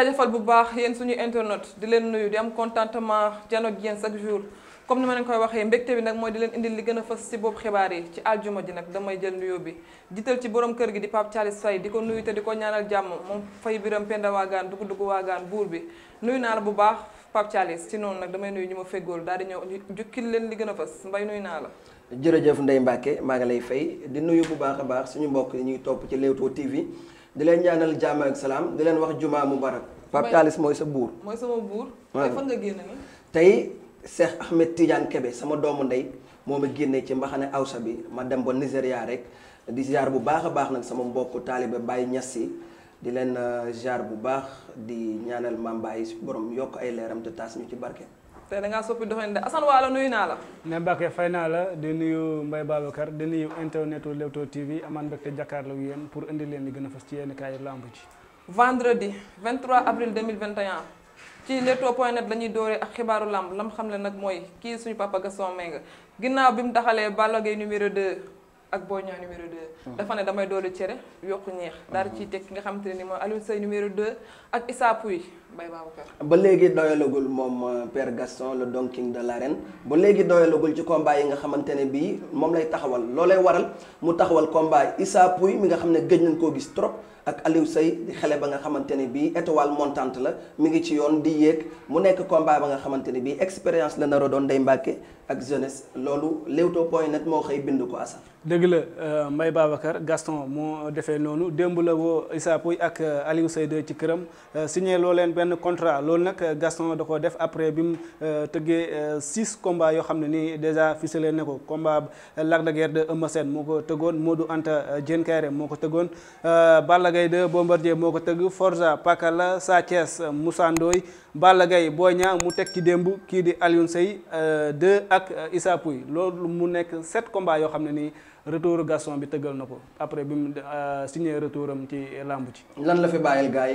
jaajëfal bu baax yéen suñu internet di leen nuyu di am contentement janoog yéen chaque jour comme ni ma leen koy waxee mbégte bi nag mooy di leen indi li gën a fës ci boobu xibaar yi ci aljuma ji nag damay jël nuyoo bi jiital ci borom kër gi di Pape Thialis Faye di ko nuyu te di ko ñaanal jàmm moom fay biram penda waagaan dugg dugg waagaan buur bi nuyu naa la bu baax Pape Thialis ci noonu nag damay nuyu ñu ma feggool daal di ñëw jukkil leen li gën a fës mbay nuyu naa la jërëjëf Ndeye Mbacke maa ngi lay fay di nuyu bu baax a baax suñu mbokk ñuy topp ci Leewtoo TV di leen ñaanal jàmm ak salaam di leen wax jumaa mubarak Pape Talis mooy sa buur. mooy sama buur. tey fan nga génne tey Cheikh Ahmed Kebe sama doomu ndey moo ma génne ci mbaxane awsa bi ma dem ba Nigéria rek di jaar bu baax a baax nag sama mbokk taalibe bàyyi ñas yi di leen euh, ziar bu baax di ñaanal Mambaay borom yokk ay leeram te taas ñu ci barke. te da ngaa soppi doxalin de Assane Waala nuyu naa la. ne Mbacke fay naa la di nuyu Mbaye Babacar di nuyu internetu Leewtoo TV amaan mbégte jàkkaarloo ak yéen pour indi leen gën a fas ci yéen kaay lamb ji. vendredi 23 avril 2021 ci Leewtoo point net la dooree ak xibaaru lamb lam xam ne nag mooy kii suñu papa Gaston Mbengue ginnaaw bi mu taxalee Balla Gaye numéro 2. ak Boy Niang numéro 2. Hmm. dafa ne damay doolu cere yokk ñeex. daal ciy hmm. teg ki nga xamante ne ni mooy Alioune Seye numéro 2 ak Issa Pouye Mbaye Babacar. ba léegi doyalagul moom euh, Père Gaston le Don de la ren ba léegi doyalagul ci combat yi nga xamante ne bii moom lay taxawal lay waral mu taxawal combat Issa yi mi nga xam ne gëj nañ koo gis trop. ak Aliou Seye di xale ba nga xamante ne bii étoile montante la mi ngi ci yoon di yéeg mu nekk combat ba nga xamante ne bii expérience la naro doon day Mbàkke ak jeunesse loolu Leewtoo point net moo xëy ko asaf dëgg la euh, Mbaye Babacar Gaston moo defee noonu démb la woo ak euh, Aliou Seye ci këram euh, signé loo leen benn contrat loolu nag Gaston da ko def après bi mu tëggee six combats yoo xam ne nii déjà ficelé na ko combat Lac de Guiers de moo ko tëggoon Modou Anta moo ko tëggoon Balla Gaye 2 moo ko tëgg Forza Pakala Sa Thiès Moussa Ndoye Balla Gaye Boy mu teg ci démb kii di Alioune Seye euh, de ak euh, Issa Pouye loolu mu nekk sept combats yoo xam ne nii retour Gaston bi tëggal na ko après bi mu euh, signé retouram ci làmb ci lan la fi bàyyil gars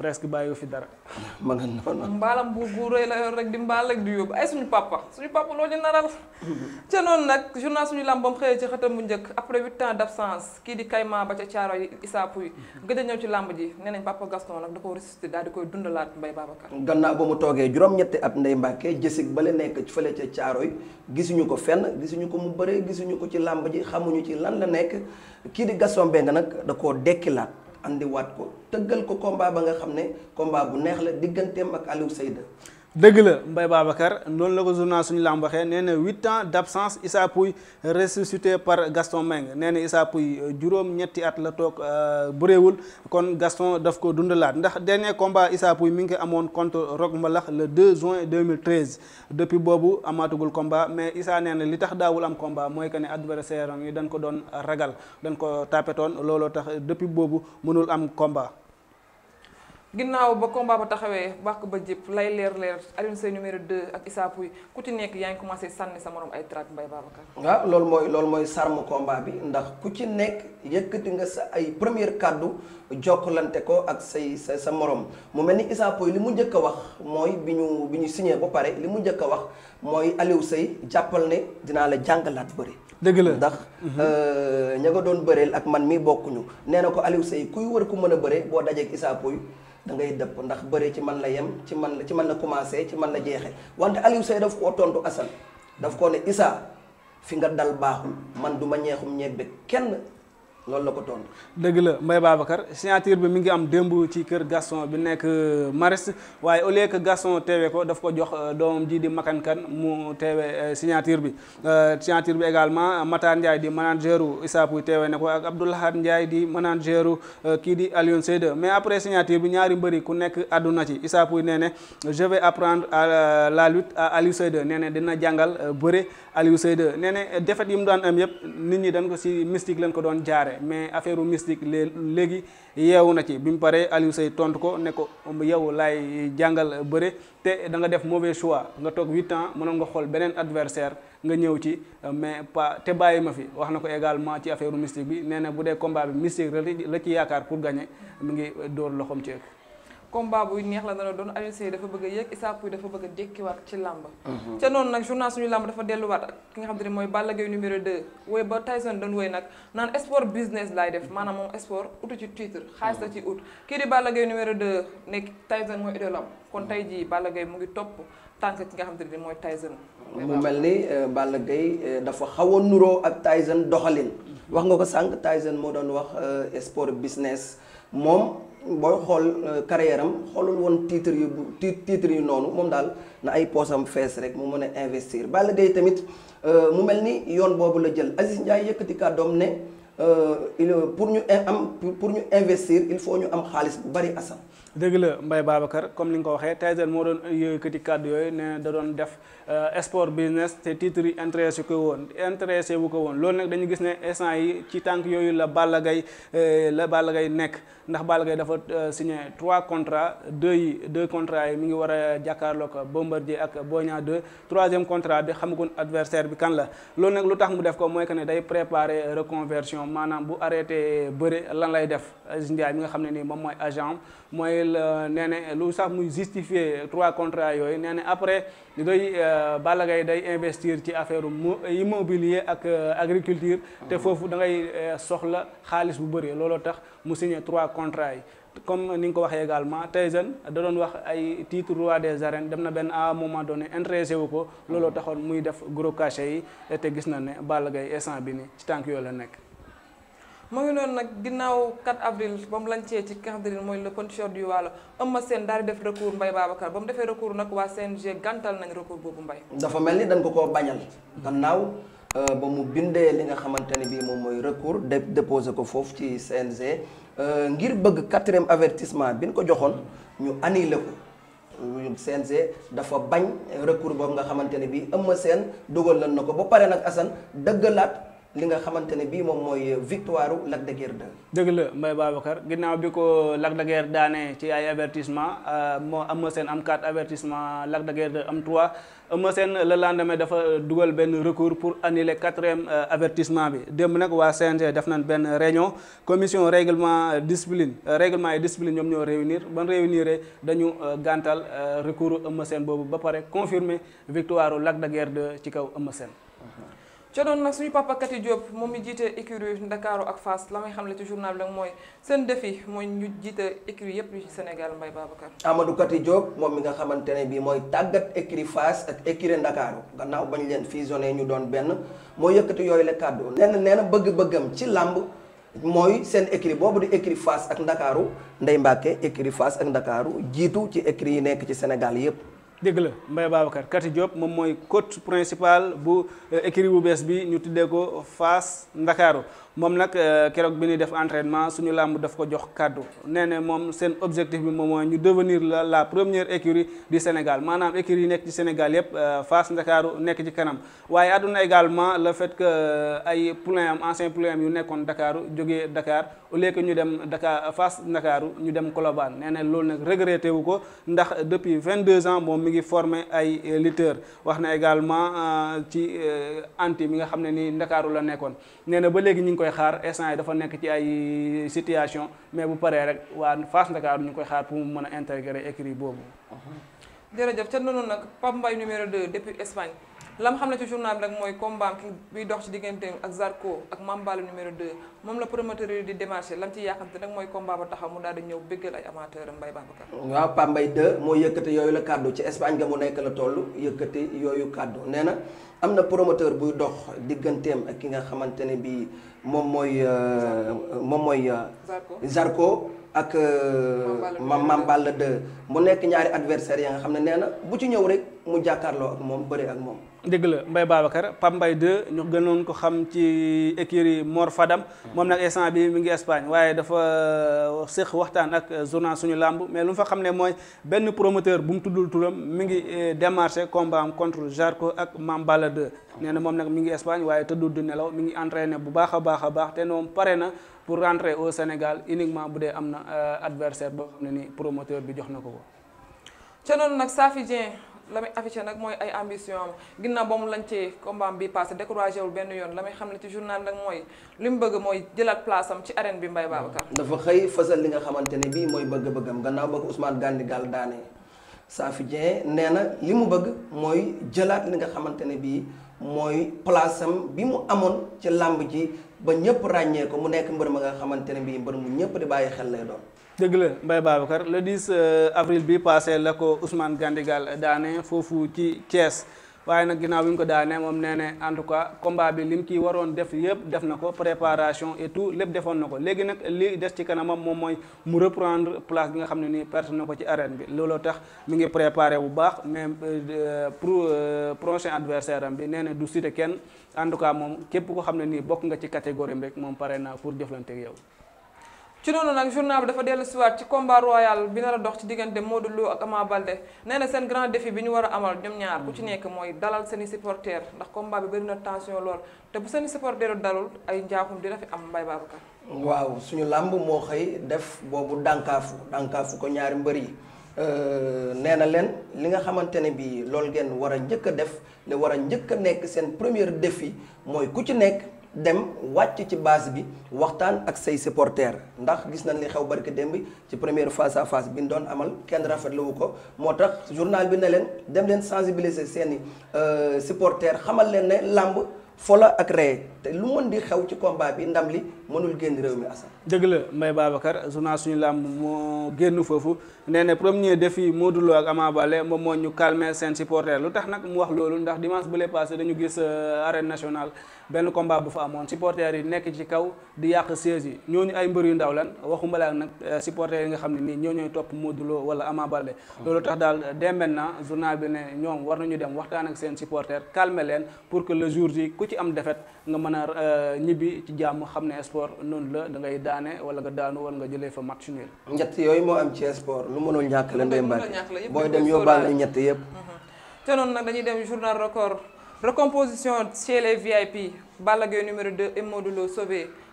presque bàyyiwu fi dara. ma nga noonu mbaalam bu bu rëy la yor rek di mbaal ak di yóbbu ay suñu papa suñu papa loolu ñu naral. ca noonu nag journal suñu lamb ba mu xëyee ci xëtam bu njëkk après huit ans d' absence kii di Kayma ba ca Caaro yi Isaapu yi. gëj a ñëw ci làmb ji nee nañ papa Gaston nag da koo ressuscité daal di koy dundalaat Mbaye Babacar. gannaaw ba mu toogee juróom-ñetti at Ndeye Mbacke jësig bale nekk fële ca Caaro yi gisuñu ko fenn gisuñu ko mu bëree gisuñu ko ci lamb ji xamuñu ci lan la nekk kii di Gaston Mbengue nag da koo dekkilaat andiwaat ko tëggal ko combat ba nga xam ne combat bu neex la digganteem ak Aliou Seyde dëgg la Mbaye Babacar noonu la ko journal suñu lamb waxee nee na huit ans d' absence Issa Pouye ressuscité par Gaston Mbengue nee na Issa Pouye euh, juróom-ñetti at la toog euh, bëreewul kon Gaston daf ko dundalaat ndax dernier combat Issa Pouye mi ngi ko amoon contre Rock Mbalax le 2 juin 2013 depuis boobu amaatugul combat mais Issa nee na li tax daawul am combat mooy que ne adversaire am yi dañ ko doon ragal dañ ko tapetoon looloo tax depuis boobu mënul am combat. ginnaaw ba combat ba taxawee bàq ba jëpp lay leer leer Alioune Seye numéro 2 ak Issa yi ku ci nekk yaa ngi commencé sànni sa morom ay trac Mbaye Babacar. waaw loolu mooy loolu mooy sarm combat bi ndax ku ci nekk yëkkati nga sa ay première kàddu jokkalante ko ak say sa sa morom mu mel ni Issa yi li mu njëkk a wax mooy bi ñu bi ñu signé ba pare li mu njëkk a wax mooy Alioune Seye jàppal ne dinaa la jàngalaat bëri. dëgg la ndax. Mhm. Euh, ña doon bëreel ak man mii bokkuñu nee na ko Alioune Seye kuy wër ku mën a bëre boo dajeeg Issa Pouye da ngay dëpp ndax bëri ci man la yem ci man la ci man la commencé ci man la jeexe wante Aliou Seye daf koo tontu Assane daf koo ne Issa fi nga dal baaxul man du ma ñeexum ñebbe kenn loolu la ko tontu. dëgg la Mbaye Babacar signature bi mi ngi am démb ci kër Gaston bi nekk euh, Maris waaye au lieu que Gaston teewee ko daf ko jox euh, doomam ji di makankan mu teewee euh, signature bi signature bi également Matar Ndiaye di manager u Issa teewee ne ko ak Abdoulahad Ndiaye di manager u kii di Alioune Seyde mais après signature bi ñaari mbëri ku nekk àdduna ci Issa Pouye nee ne je vais apprendre à la lutte à Alioune Seyde nee dina jàngal bëre Aliou Seyde nee na defet yi mu daan am yëpp nit ñi dañ ko si mystique lañ ko doon jaare mais affaire mystique léegi yeewu na ci bi mu paree Aliou Seyde tontu ko ne ko yow laay jàngal bëre te da nga def mauvais choix nga toog huit ans mënoon nga xool beneen adversaire nga ñëw ci mais pa te bàyyi ma fi wax na ko également ci affaire mystique bi nee na bu dee combat bi mystique la ci yaakaar pour gagner mu ngi dóor loxoom ceeb. comme combat buy neex la dana doon Alioune Seye dafa bëgg a yéeg Issa Pouye dafa bëgg a dékkiwaat ci làmb mhm. ca noonu nag journal suñu làmb dafa delluwaat ak ki nga xam te ne mooy Balla Gaye numéro 2 wooy ba Tyson nag naan sport business laay def maanaam moom sport utu ci titre xaalis la ci ut kii di Balla Gaye numéro 2 nekk Tyson mooy idoolam kon tey jii Balla Gaye mu ngi topp tànk ki nga xam te ne mooy Tyson mu mel ni euh, Balla Gaye euh, dafa xaw a nuroo ak Tyson doxalin mhm. wax nga ko sànq Tyson moo doon wax euh, sport business moom booy xool euh, carrière am xoolul woon titre yu bu titre yu noonu moom daal na ay poosam fees rek mu mën a investir Balla Gaye tamit euh, mu mel ni yoon boobu la jël Aziz Ndiaye yëkkati kàddoom ne euh, il pour ñu am pour ñu investir il faut ñu am xaalis bu bari asam dëgg la Mbaye Babacar comme ni nga ko waxee Tyson moo doon yëkkati kàddu yooyu ne da doon def euh, sport business te titre yi intéressé ko woon intéressé wu ko woon loolu nag dañu gis ne instant yi ci tànk yooyu la Balla Gaye euh, la Balla gay nekk ndax Balla gay dafa euh, signé trois contrats deux yi deux contrats yi mi ngi war a jàkkaarloo ko Bombardier ak Boy Niang 2 troisième contrat bi xamagun adversaire bi kan la loolu nag lu tax mu def ko mooy que ne day préparer reconversion maanaam bu arrêté bëre lan lay def Aziz Ndiaye nga xam ne nii moom mooy agent Boyle euh, nee na lu sax muy justifier trois contrats yooyu nee na après li doy euh, Balla Gaye day investir ci affaire immobilier ak euh, agriculture te mm-hmm. foofu da ngay soxla xaalis bu bëri looloo tax mu signé trois contrats yi comme ni nga ko waxee également Tyson da doon wax ay titre roi des arènes dem na benn à moment donné intéressé wu ko looloo mm-hmm. taxoon muy def gros cachet yi te gis na ne Balla Gaye instant bi ni ci tànk yooyu la nekk mu ngi noonu nag ginnaaw 4 avril ba mu cee ci cadre mooy le conducteur di Waalo Eumeu Sène daal di def recours Mbaye Babacar ba mu defee recours nag waa CNG gàntal nañ recours boobu Mbaye dafa mel ni dañ ko koo bañal gannaaw euh, ba mu bindee li nga xamante ne bii moom mooy recours de déposé ko foofu ci CNG euh, ngir bëgg quatrième avertissement bi ñu ko joxoon ñu annulé ko euh, CNG dafa bañ recours boobu nga xamante ne bii Eumeu Sène dugal lan na ko ba pare nag Assane dëggalaat li nga xamante ne bii moom mooy victoire Lac de Guiers 2. dëgg la Mbaye Babacar ginnaaw bi ko Lac de Guiers daane ci ay avertissement euh, moo am 4 avertissement Lac de Guiers am 3 Eumeu Sène le lendemain dafa dugal benn recours pour annuler quatrième euh, avertissement bi démb nag waa CNG def nañ benn réunion commission règlement euh, discipline règlement yi discipline ñoom ñoo réunir ban réunir dañu gàntal recours Eumeu Sène boobu ba pare confirmer victoire Lac de Guiers 2 ci kaw Eumeu Sène. Mhm. ca doon nag suñu papa Kati Diop moom mi jiite écurie Ndakaaru ak Fass la may xamle ci journal bi nag mooy seen défi mooy ñu jiite écurie yépp yu ci Sénégal Mbaye Babacar Amadou Kati moom mi nga xamante ne bii mooy tàggat écurie Fass ak écurie Ndakaaru gannaaw bañ leen fusionné ñu doon benn moo yëkkati yooyu la kàddu nee na nee na bëgg-bëggam ci làmb mooy seen écurie boobu di écurie Fass ak Ndakaaru Ndeye Mbacke écurie Fass ak Ndakaaru jiitu ci écurie yi nekk ci Sénégal yépp dëgg la Mbaye Babacar Kati Diop moom mooy coach principale bu euh, écurie bu bees bi ñu tuddee ko Fass Ndakaaru moom nag euh, keroog bi ñuy def entraînement suñu làmb daf ko jox kàddu nee ne moom seen objectif bi moom mooy ñu devenir la la première écurie du Sénégal maanaam écurie yi nekk ci Sénégal yëpp euh, Fass Ndakaaru nekk ci kanam waaye àdduna également le fait que euh, ay poulain am ancien poulain am yu nekkoon Ndakaaru jógee Dakar au que ñu dem Dakar Fass Ndakaaru ñu dem kolobaan nee na loolu nag regretté wu ko ndax depuis deux ans moom mi ngi formé ay lutteurs wax na également ci anti mi nga xam ne ni Ndakaaru nekkoon koy xaar instant yi dafa nekk ci ay situation mais bu paree rek waa Fass Ndakaaru ñu koy xaar pour mu mën a intégrer écrit boobu. jërëjëf ca noonu nag Pape Mbaye numéro 2 depuis Espagne. lam xam ne ci journal bi nag mooy combat ki biy dox ci digganteem ak Zarko ak Mambalu numéro 2 moom la promoteur yi di démarché lam ci yàqante nag mooy combat ba mu daal di ñëw béggal ay amateur Mbaye Babacar waaw Pape Mbaye 2 yëkkate yooyu la kàddu ci Espagne mu nekk la toll yëkkate yooyu kàddu nee na am na promoteur buy dox digganteem ak ki nga xamante ne bii moom mooy euh, moom mooy euh, Zarko ak euh, Mambal 2 mu nekk ñaari adversaire ya nga xam ne nee na bu ci ñëw rek mu jàkkaarloo ak moom bëre ak moom. dëgg la Mbaye Babacar Pape Mbaye 2 ñu gënoon ko xam ci écurie moor Fadam. moom nag instant bi mi ngi Espagne waaye dafa euh, séq waxtaan ak euh, journal suñu làmb mais lu fa xam ne mooy benn promoteur bu mu tuddul turam mi ngi euh, démarché combat am contre Jarko ak Mame Balla nee na moom nag mi ngi Espagne waaye tëddul du nelaw mi ngi entraîné bu baax a baax a baax te moom pare na pour rentrer au Sénégal uniquement bu dee am na adversaire boo xam ne ni bi jox na ko ko. la muy affiché nag mooy ay ambition am ginnaaw ba mu lancé combat bi passé découragé wul benn yoon la muy xam ne ci journal nag mooy li mu bëgg mooy jëlaat place am ci arène bi Mbaye Babacar dafa xëy fësal li nga xamante ne bii mooy bëgg-bëggam gannaaw ba ko Ousmane Gandi Gall daane Safi Dieng nee na li mu bëgg mooy jëlaat li nga xamante ne bii mooy place am bi mu amoon ci làmb ji ba ñëpp ràññee ko mu nekk mbër ma nga xamante ne bii mbër mu ñëpp di bàyyi xel lay doon dëgg la Mbaye Babacar le 10 euh, avril bi passé la ko Ousmane Gandigal daane foofu ci Thiès waaye nag ginnaaw bi ñu ko daane moom nee ne en tout cas combat bi lim ci waroon def yëpp def na ko préparation et tout lépp defoon na ko léegi nag li des ci kanamam moom mooy mu reprendre place bi nga xam ne nii perte na ko ci arène bi looloo tax mi ngi préparé bu baax mais euh, euh, pour prochain adversaire am bi nee na du cité kenn en tout cas moom képp ko xam ne nii bokk nga ci catégorie rek moom pare na pour jëflante yow. ci noonu nag journal bi dafa dellu siwaat ci combat royal bi nar a dox ci diggante Modou Lo ak Ama Baldé nee na seen grand défi bi ñu war a amal ñoom ñaar ku ci nekk mooy dalal seen i supporters ndax combat bi bëri na tension lool te bu seen i supporters dalul ay njaaxum dina fi am mbay Babacar. waaw suñu làmb moo xëy def boobu dànkaafu dànkaafu ko ñaari mbër yi nee na leen li nga xamante ne bii loolu ngeen war a njëkk a def li war a njëkk a nekk seen premier défi mooy ku ci nekk. dem wàcc ci base bi waxtaan ak say supporters ndax gis nañ li xew barke démb ci première face à face bi ñu doon amal kenn rafetluwu ko moo tax journal bi ne leen dem leen sensibiliser seeni euh, supporters xamal leen ne làmb fola ak ree te lu mën di xew ci combat bi ndam li mënul génn réew mi Assane. dëgg la Mbaye Babacar journal suñu làmb moo génn foofu nee na premier défi Modou Lo ak Ama Baldé moom moo ñu calmer seen supporter lu tax nag mu wax loolu ndax dimanche bu lay passé dañu gis euh, arène nationale benn combat bu fa amoon supporter yi nekk ci kaw di yàq siège yi ñooñu ay mbër yu ndaw lan waxumala nag euh, supporter yi nga xam ne nii ñoo ñooy topp Modou Lo wala Ama Baldé. loolu tax daal demben na journal bi ne ñoom war nañu dem waxtaan ak seen supporter calmer leen pour que le ku am défaite nga a euh, ñibbi ci sport noonu la da ngay daane wala nga daanu wala nga jëlee fa match nul. ñett yooyu moo am ci sport lu mënul ñàkk la Ndeye Mbacke mooy dem yóbbaale ñett yëpp. te noonu nag dañuy dem journal record recomposition chez les VIP Balla Gaye numéro 2 et Modou Lo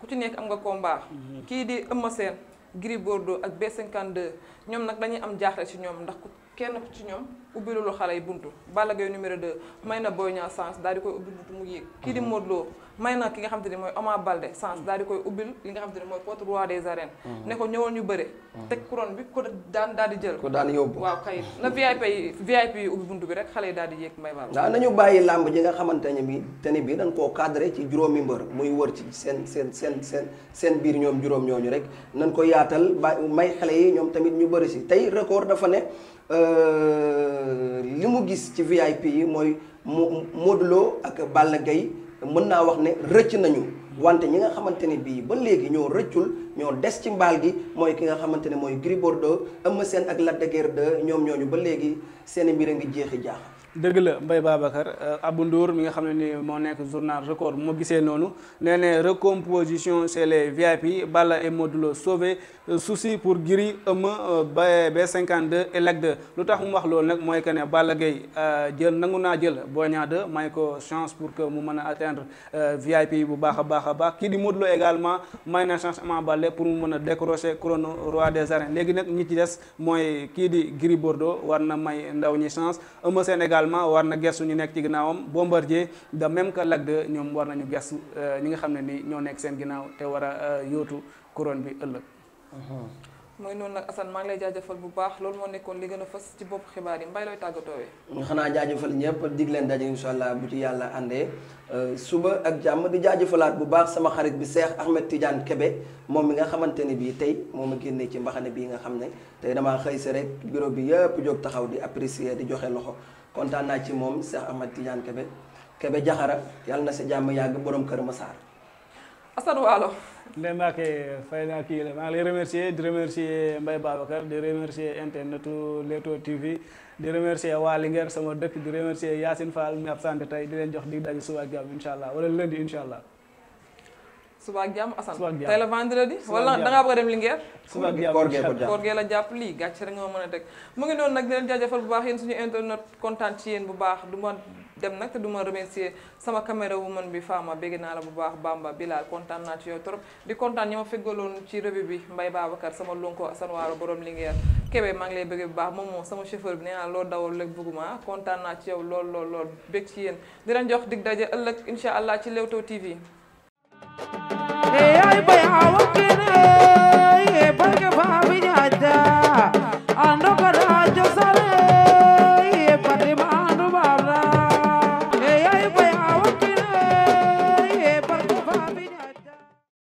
ku ci nekk am nga combat. Mhm. kii di Eumeu Sène Gris Bordeaux ak B52 ñoom nag dañuy am jaaxle ci ñoom ndax. kenn ci ñoom ubbilulu xale yi buntu Balla Gaye numéro de may na Boy Niang sens daal di koy ubbil buntu mu yéeg mhm. kii di Modou Lo may na ki nga xam te ni mooy Ama Baldé sens daal di koy ubbil li nga xam te ni mooy porte roi des arènes mhm. ne ko ñëwoon ñu bëre mhm. teg couronne bi ko daan daal di jël ko daan yóbbu waaw kay na VIP yi VIP yi buntu bi rek xale yi daal di yéeg may bal waaw nañu bàyyi làmb ji nga xamante ne bi te bi dañ koo cadré ci juróomi mbër muy wër ci seen seen seen seen seen biir ñoom juróom ñooñu rek nañ ko yaatal ba may xale yi ñoom tamit ñu bëri si tey record dafa ne Euh, li mu gis ci VIP yi mooy mu Modou Lo ak Balla Gaye mën naa wax ne rëcc nañu wante ñi nga xamante ne bii ba léegi ñoo rëccul ñoo des ci mbaal gi mooy ki nga xamante ne mooy Gris Bordeaux Eumeu Sène ak Lac de Guiers ñoom ñooñu ba léegi seeni mbir a ngi jeexi jaax dëgg la Mbaye Babacar euh, Abou Ndour mi nga xam ne ni moo nekk journal record moo gisee noonu nee ne recomposition chez les VIP Balla et Modou Lô sauvé euh, souci pour Gris Eumeu euh, ba B52 et Lac 2 lu tax mu wax loolu nag mooy que ne Balla Gaye jël nangu naa jël Boy Niang 2 may ko chance pour que mu mën a atteindre VIP bu baax a baax a baax kii di Modou Lô également may na chance Ama pour mu mën a décrocher couronne roi des arènes léegi nag ñi ci des mooy kii di Gris Bordeaux war na may ndaw ñi chance Eumeu également war na gestu ñu nekk ci ginnaawam bombër de même que Lac 2 ñoom war nañu gestu euh, ñi nga xam ne ni ñoo nekk seen ginnaaw te war a euh, yootu couronne bi ëllëg. mooy noonu nag Assane maa ngi lay jaajëfal bu baax loolu moo nekkoon li gën a fës ci bopp xibaar yi mbay looy tàggatoo wee xanaa jaajëfal ñëpp dig leen daje incha allah bu ci yàlla àndee euh, suba ak jàmm di jaajëfalaat bu baax sama xarit bi Cheikh Ahmed Tidiane Kebe moom mi nga xamante ne bii tey moom a génnee ci mbaxane bii nga xam ne tey damaa xëy si rek bureau bi yëpp jóg taxaw di apprécier di joxe loxo kontaan naa ci moom Cheikh Ahmad Tidiane Kébé Kébé Jaxara yàlla na si jàmm yàgg borom Kër Massar. Assane Waalo. Ndeye Mbacke fay naa kii la maa ngi lay remercier di remercier Mbaye Babacar di remercier internetu Leewtoo TV di remercier waa Linguère sama dëkk di remercier Yacine Fall mi absenté tey di leen jox dig daje suba ak jàmm incha allah wala lundi incha allah. suba ak jàmm Assane tey la vendredi wala da ngaa bëgg a dem Linguère koor gee la jàpp lii gàcce rek nga ma mën a teg mu ngi noonu nag di leen bu baax yéen suñu internet kontaan ci yéen bu baax du ma dem nag te du ma sama caméra woman bi Fama bégg naa la bu baax Bamba Bilal kontaan naa ci yow trop di kontaan ñi ma feggaloon ci revue bi Mbaye Babacar sama lonko Assane Waaro borom Linguère Kébé maa ngi lay bëgg bu baax moom moom sama chauffeur bi nee naa loolu dawal léegi bëgguma kontaan naa ci yow a Josare